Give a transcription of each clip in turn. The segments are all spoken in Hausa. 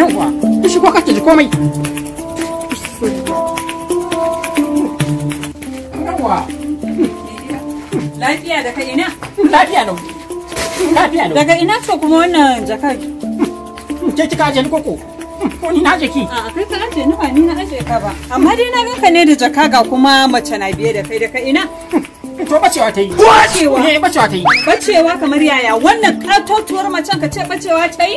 nan kuwa ki shigo kake ji komai lafiya daga ina lafiya ne? lafiya nan daga ina to kuma wannan jakar ke kika aje ni koko ko ni na aje ki a kai ka aje ni ba ni na aje ka ba amma dai na ganka ne da jaka ga kuma mace na biye da kai daga ina To bacewa ta yi. Bacewa. Eh bacewa ta yi. Bacewa kamar yaya wannan katotuwar macen ka ce bacewa ta yi?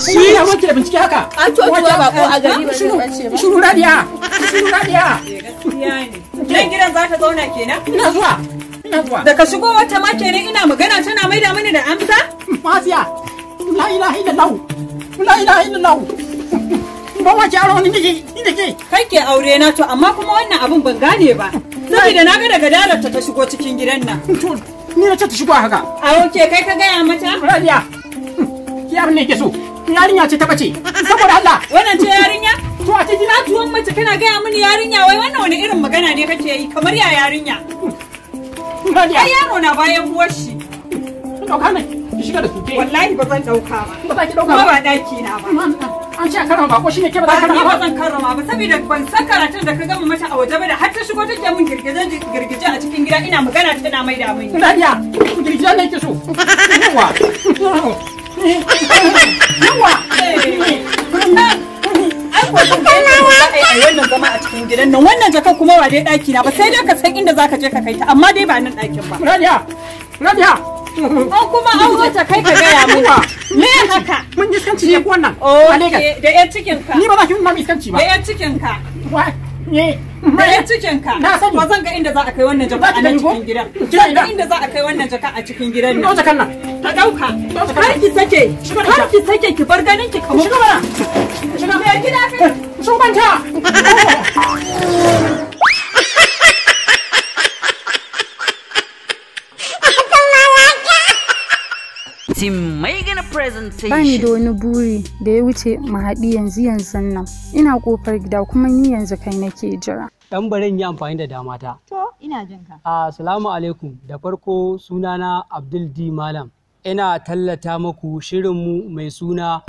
Shi ya wanke da bincike haka. Katotuwa ba ko a gari ba ne bacewa. Shuru radiya. Shuru radiya. Gaskiya ne. Nan gidan za ta zauna kenan? Ina zuwa. Ina zuwa. Da ka shigo wata ma kenan ina magana tana maida mini da amsa? mafiya La ilaha illallah. La ilaha illallah. Ba wace aro ni dake ni ke. Kai ke aure na to amma kuma wannan abun ban gane ba. Saboda na ga daga dalarta ta shigo cikin gidan nan. Ni na ce ta shigo haka. A oke kai ka gaya mata? Radiya. Ki abin ne ke so. Yarinya ce ta bace. Saboda Allah. Wannan ce yarinya? To a cikin tuwon mace kana gaya mini yarinya wai wannan wani irin magana ne kake yi kamar ya yarinya. Radiya. Ai yaro na bayan uwar shi. dauka ne. Ki shiga da su ke. Wallahi ba zan dauka ba. Ba za ki dauka ba. Ba daki na ba. an ce a karama bako shine ke ba za ka karama ba zan karama ba saboda ban san karatun da ka gama mata a waje ba da har ta shigo take min girgijen girgije a cikin gida ina magana tana mai da mai dariya girgijen ne ke so yawa yawa wannan zama a cikin gidan nan wannan jaka kuma ba dai daki na ba sai dai ka san inda zaka je ka kai ta amma dai ba nan dakin ba Radiya Radiya An kuma an wuce kai ka gaya mun. Me haka? Mun iskanci ne ko wannan? Oh, da yan cikin ka. Ni ba za ki ba. Da yan cikin ka. Da yan cikin ka. Na sani. Ba zan ga inda za a kai wannan jaka a cikin gidan. Zan ga inda za a kai wannan jaka a cikin gidan. Ta ɗauka. Kar ki sake. ki sake ki bar ganin ki kamar. Shiga Shiga. Me gida Shugabanta. mai gina Bani da wani buri da ya wuce mahaɗi haɗi yanzu yanzu nan. Ina ƙofar gida kuma ni yanzu kai nake jira. Dan barin yi amfani da ta. To, ina jin ka. Assalamu ah, alaikum. Da farko sunana Abdul D Malam. Ina tallata maku shirin mu mai suna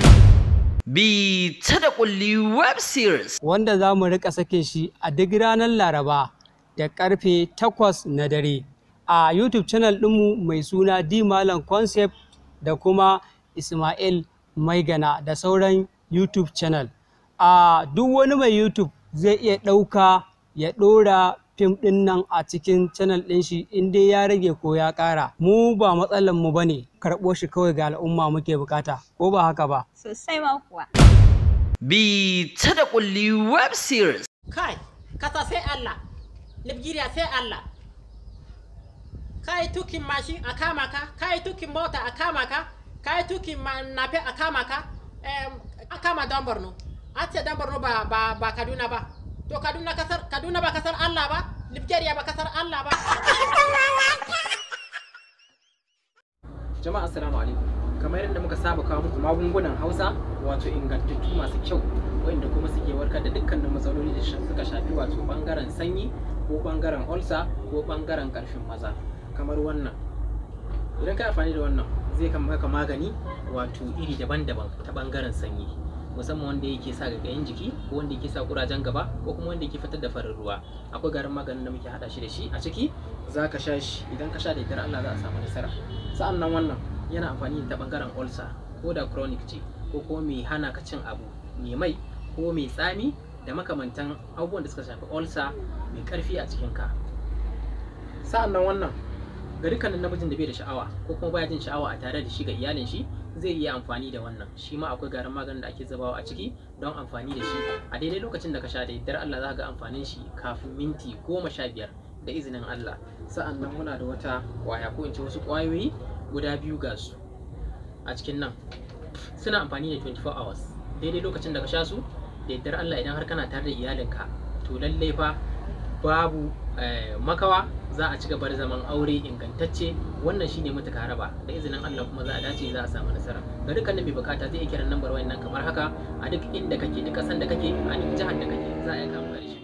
Bi ta da kulli web series. Wanda za mu rika sakin shi a duk ranar Laraba da karfe takwas na dare. A YouTube channel ɗinmu mai suna D Malam Concept da kuma Ismail Maigana da sauran YouTube channel. A duk wani mai YouTube zai iya ɗauka ya ɗora fim ɗin nan a cikin channel ɗin shi in dai ya rage ko ya ƙara. Mu ba matsalan mu bane karɓo shi kawai ga al'umma muke bukata ko ba haka ba. Sosai ma kuwa. Bi ta da kulli web series. Kai, kasa sai Allah, Nigeria sai Allah. ka yi tukin mashin a kama ka ka yi tukin mota a kama ka ka yi tukin nafe a kama ka a kama don borno a ce don borno ba kaduna ba to kaduna ba kasar allah ba nigeria ba kasar allah ba jama'a assalamu alaikum kamar yadda muka saba kawo muku magungunan hausa wato ingantattu masu kyau wanda kuma suke warkar da dukkanin matsaloli da suka shafi wato bangaren sanyi ko bangaren ulcer ko ɓangaren karfin maza kamar wannan idan ka amfani da wannan zai kama maka magani wato iri daban-daban ta ɓangaren sanyi musamman wanda yake sa gagayen jiki ko wanda yake sa kurajen gaba ko kuma wanda yake fitar da farin ruwa akwai garin maganin da muke hada shi da shi a ciki za ka sha shi idan ka sha da idan Allah za a samu nasara sa'an nan wannan yana amfani da bangaren ulcer ko da chronic ce ko kuma mai hana ka cin abu mai mai ko mai tsami da makamantan abubuwan da suka shafi olsa mai karfi a cikinka sa'annan wannan ga dukkanin namijin da bai da sha'awa ko kuma baya jin sha'awa a tare da shi ga iyalin shi zai iya amfani da wannan shi ma akwai garin maganin da ake zubawa a ciki don amfani da shi a daidai lokacin da ka sha da yaddar Allah za ga amfanin shi kafin minti goma sha biyar da izinin Allah sa'annan muna da wata kwaya ko in ce wasu kwayoyi guda biyu ga su a cikin nan suna amfani da 24 hours daidai lokacin da ka sha su da yaddar Allah idan har kana tare da iyalinka to lallai fa babu eh, makawa za a ci gaba da zaman aure ingantacce wannan shine mutuka raba da izinin Allah kuma za a dace za a samu nasara ga dukkanin mai bukata zai iya kiran lambar wayannan kamar haka a duk inda kake duk kasan da kake a duk jihar da kake za a yi kamar shi